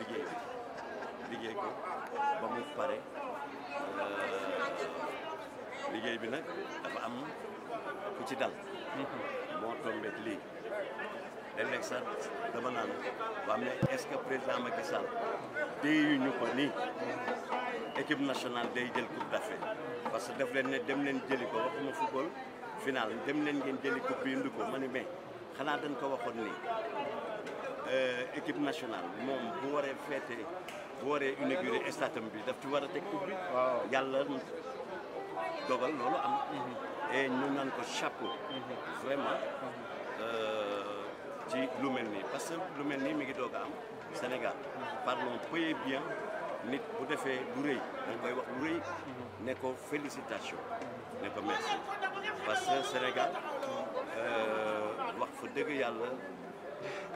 liggéey bi liggéey ko ba mu pare euh, liggéey bi nag dafa am ku ci dal moo tombeek lii léeg-léeg sax dama naan am ne est-ce que président Macky Sall déyuñu ko nii équipe nationale day jël coupe d'Afrique parce que daf leen ne dem leen jëli ko waxuma football final dem leen ngeen jëli coupe bi indi ko ma ne mais xanaa dañ ko waxoon nii Euh, équipe nationale moom bu waree feete bu waree inauguré stade bi daf ci war a teg public. waaw yàlla dogal loolu am. et ñu naan ko chapeau. vraiment euh, ci lu mel parce que lu mel nii mi ngi doog am Sénégal. parlons très bien nit bu defee lu rëy da nga koy wax lu rëy. ne ko félicitation. ne ko merci parce que Sénégal euh, wax fa dëgg yàlla.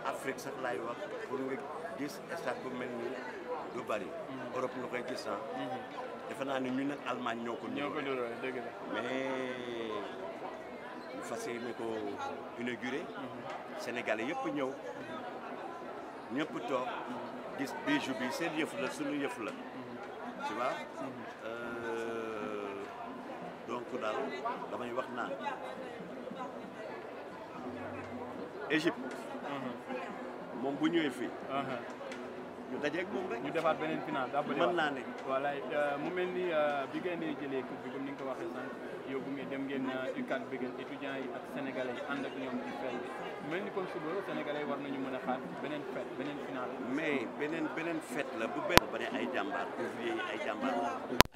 Afrique sax laay wax pour nga gis état bu mel nii du bari. Europe nga koy gis ah. Mhm. defe naa ne ñun nag Allemagne ñoo ko. ñoo ko niróo dëgg la mais ñu fas yéene ko inaugurer. Mhm. Sénégalais yëpp ñëw. Mhm. ñëpp toog gis bijou bi seen yëf la suñu yëf la. tu vois. Euh, donc daal damay wax naan. Égypte. Mhm. moom bu ñëwee fii. Mhm. ñu dajeeg moom rek. ñu defaat beneen final dàbbali mën naa ne. voilà euh, mu mel ni euh, bi ngeen jëlee coupe bi comme ni nga ko waxee sànq yóbbu ngeen dem ngeen UCAD euh, bi ngeen étudiants yi ak sénégalais yi ànd ak ñoom ci fête bi mel ni comme suba sénégalais war nañu mën a xaar beneen fête beneen final. mais beneen beneen fête la bu benn ba ne ay jàmbaar ouvrier yi ay jàmbaar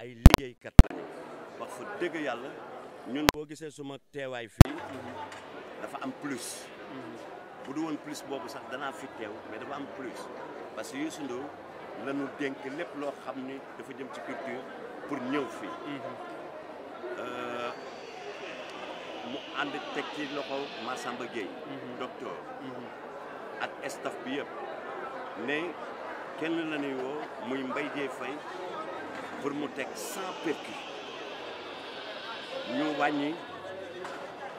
ay liggéeykat lañu wax fa dëgg yàlla ñun boo gisee suma teewaay fii dafa am plus. bu du woon plus boobu sax danaa fi teew mais dafa am plus parce que Youssou Ndour la dénk lépp loo xam ni dafa jëm ci culture pour ñëw fii. Mm-hmm. Euh, mu ànd teg ci loxo Massamba Gueye. Mm-hmm. docteur. Mm-hmm. ak staff bi yëpp. ne kenn la ñuy woo muy Mbaye Dieye Faye pour mu teg sans percus ñu wàññi.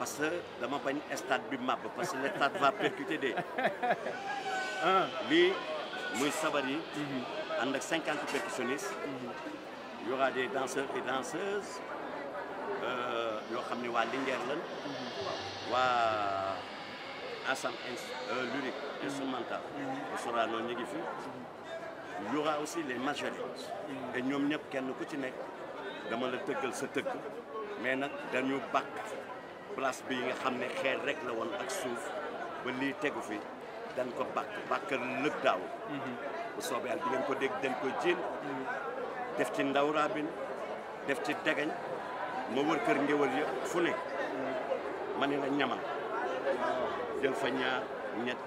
parce que dama bañ stade bi màbb parce que le stade va percuter de ah. lii muy sabar yi mhm. ànd ak cinquante percussionnistes mhm. y aura des danseurs et danseuses euh, yoo xam ni waa Linguère lan mhm. waa Assam euh, lyrique instrumental sera ñu ngi fi y aura aussi les majorettes et ñoom ñëpp kenn ku ci nekk dama la tëggal sa tëgg mais nag dañu bàkk place bi nga xamné ne rek la won ak souf ba li téggu fi dañ ko bak bàkkal lëg daaw mhm. bu soobee yàlla di ngeen ko dégg dañ ko jiin mhm. def ci ndaw raabin def ci degañ mo wër kër ngeewal ya fu ne mhm. ma la ñamal jël fa ñaar ñett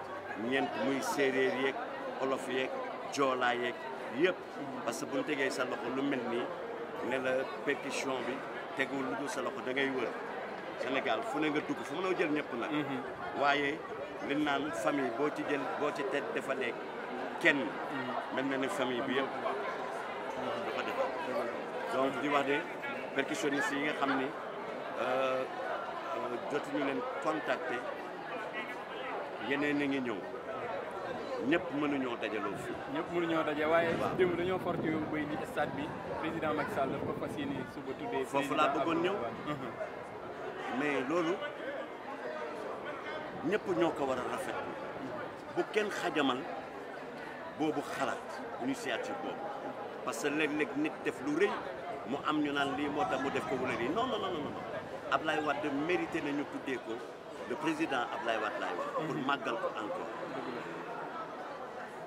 ñeent muy séeréer yeeg olof yeeg jola yeeg yépp parce que bu ñu tegee sa loxo lu melni né la pétition bi tegul lu do sa loxo da ngay wër senegal fu ne nga dugg fu mënoo jël ñëpp nag. Mhm. waaye li naan famille boo ci jël boo ci te defalee kenn. Mhm. mel na ne famille bi yëpp mhm. dafa def donc di wax de percussionniste yi nga xam ni euh, euh, jotuñu leen contacter yeneen a ngi ñëw. ñëpp mënuñoo dajaloo fii. ñëpp mënuñoo daje waaye. waaw démb dañoo forti bay di stade bi président Macky Sall dafa fas yéene suba tuddee. foofu laa bëggoon ñëw. mais loolu ñepp ñoko wara rafet bu kenn xajamal boobu xalaat initiative bob parce que léeg-léeg nit def lu reuy mu am ñu nan li moo mu def ko wala lii non non non non Ablaye Wade mérité na ñu tuddee ko le président Ablaye Wade laay wax pour magal ko encore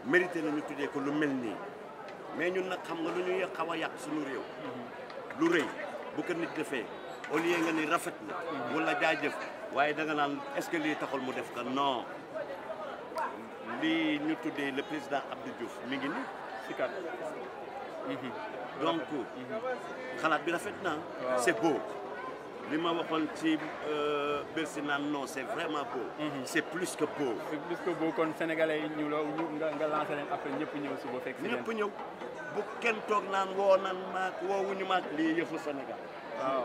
mérité na ñu tuddee ko lu melni mais ñun nak xam nga lu ñuy xawa yak suñu réew lu reuy bu ko nit defee au lieu nga ni rafet na wala jaajëf waye da nga naan est-ce que lii taxul mu def ko non li ñu tuddee le président Abdou Diouf mi ngi ni si kat donc xalat bi rafet na c'est beau li ma waxon ci euh, Bercy naan non c'est vraiment beau. Mhm. c'est plus que beau. c'est plus que beau kon sénégalais yi ñu la nga nga lancé leen après ñëpp su suba fekk. ñëpp ñew bu kenn toog naan woo naan maak woowuñu maak lii yëfu Sénégal waaw.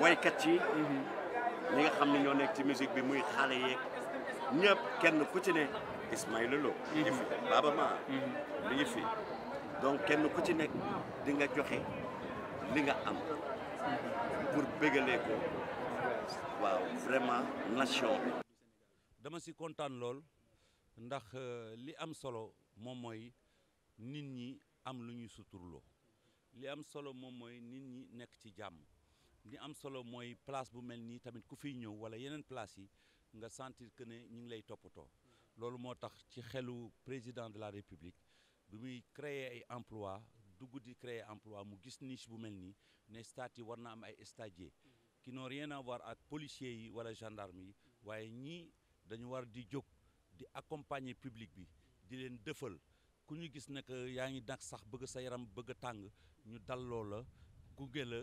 waykat yi ñi nga xamni ñoo nek ci musique bi muy xalé yeeg ñepp kenn ku ci ne Ismaïla Lo mhm. mhm. mi ngi fi Baaba fi donc kenn ku ci nek di nga joxe li nga am pour bégalé ko waaw vraiment nation bi dama si contane lool ndax euh, li am solo mom moy nit ñi am lu suturlo li am solo mom moy nit ñi nek ci jamm ni am solo mooy place bu mel nii tamit ku fi ñëw wala yeneen place yi nga sentir que ne ñu ngi lay toppatoo loolu moo tax ci xelu président de la république bi muy créer ay emploi dugg di créer emploi mu gis niche bu mel nii ne stade yi war na am ay stagiaires mm-hmm. qui n'ont rien à ak policiers yi wala gendarmes yi mm-hmm. waaye ñii dañu war di jóg di accompagner publique bi di leen dëfal ku ñu gis nag yaa ngi nag sax bëgg sa yaram bëgg tàng ñu dalloo la gunge la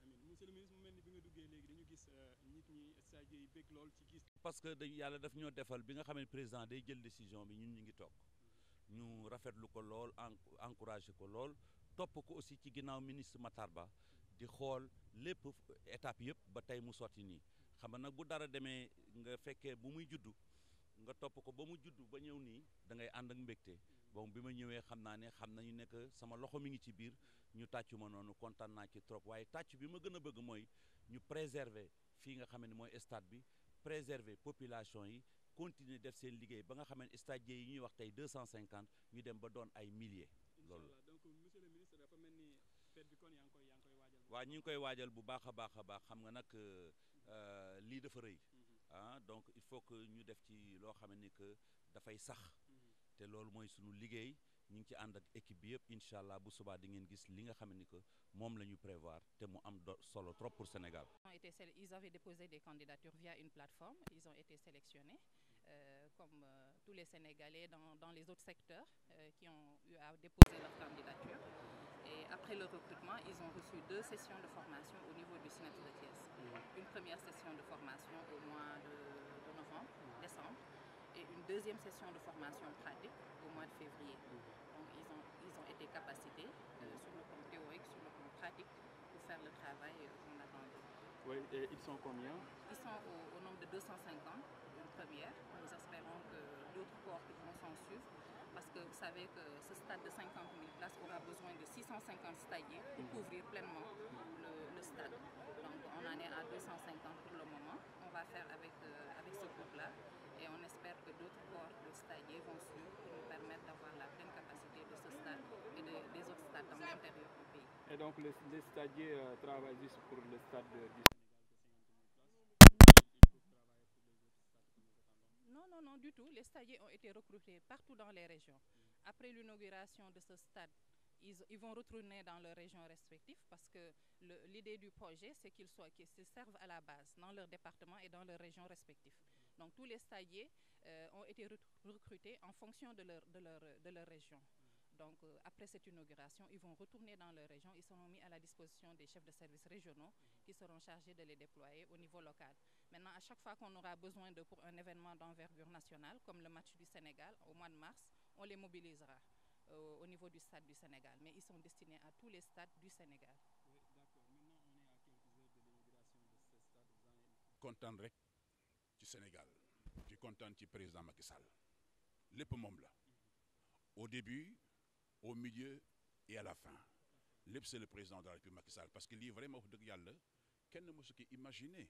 parce que dañ yàlla daf ñoo defal bi nga xam ne président day jël décision bi ñun ñu ngi toog ñu rafetlu ko lool encouragé ko lool topp ko aussi ci ginnaaw ministre Matar Ba di xool lépp étape yëpp ba tey mu sotti nii xam nga nag bu dara demee nga fekkee bu muy juddu nga topp ko ba mu juddu ba ñëw nii da ngay ànd ak mbégte bon bima ñëwé xamna né xamnañu ne que sama loxo mi ngi ci biir ñu tatchu ma nonu kontaan naa ci trop waye tatchu bima gëna bëgg moy ñu préserver fi nga xam moy stade bi préserver population yi continuer def seen liggéey ba nga xam stade yi ñuy wax tay 250 ñu dem ba doon ay milliers. loolu donc monsieur le ministre dafa mel ni fête bi kon yang koy yang koy waajal. wa ñing koy waajal bu baax a baax a baax xam nga nag euh, euh, lii dafa reuy hein mhm. ah, donc il faut que ñu def ci lo xam ne que fay sax te loolu mooy sunu liggéey ñu ngi ci ànd ak équipe bi yëpp inshallah bu subaa di ngeen gis li nga xam ne que moom la ñu prévoir te mu am solo trop pour Sénégal. Ils avaient déposé des candidatures via une plateforme ils ont été sélectionnés euh, comme euh, tous les Sénégalais dans, dans les autres secteurs euh, qui ont eu à déposer leur candidature et après le recrutement ils ont reçu deux sessions de formation au niveau du Sénat de Thiès. Mmh. Une première session deuxième session de formation pratique au mois de février. Mm. Donc ils ont, ils ont été capacités euh, mm. sur le plan théorique, sur le plan pratique, pour faire le travail euh, qu'on attendait. Oui, et ils sont combien Ils sont au, nombre de 250, une première. Nous espérons que d'autres corps vont s'en suivre parce que vous savez que ce stade de 50 000 places aura besoin de 650 stagiaires pour mm. couvrir pleinement le, stade. Donc on en est à 250 pour le moment. On va faire avec, euh, avec ce groupe-là on espère que d'autres corps de stagiaires vont suivre pour nous permettre d'avoir la pleine capacité de ce stade et des autres stades dans l'intérieur du pays. Et donc les, les stagiaires euh, travaillent juste pour le stade du Non, non, non, du tout. Les stagiaires ont été recrutés partout dans les régions. Après l'inauguration de ce stade, ils, vont retourner dans leurs régions respectives parce que l'idée du projet, c'est qu'ils soient, qu'ils servent à la base dans leur département et dans leurs régions respectives. Donc tous les stagiaires euh, ont été recrutés en fonction de leur, de leur, région. Donc, euh, après cette inauguration, ils vont retourner dans leur région. Ils seront mis à la disposition des chefs de services régionaux qui seront chargés de les déployer au niveau local. Maintenant, à chaque fois qu'on aura besoin de pour un événement d'envergure nationale, comme le match du Sénégal au mois de mars, on les mobilisera euh, au niveau du stade du Sénégal. Mais ils sont destinés à tous les stades du Sénégal. Oui, d'accord. Maintenant, on est à heures de l'inauguration de du Sénégal du content du président Macky Sall les au début au milieu et à la fin c'est le président de la République Macky Sall parce que est vraiment wax dëgg yàlla kenn que vous imaginer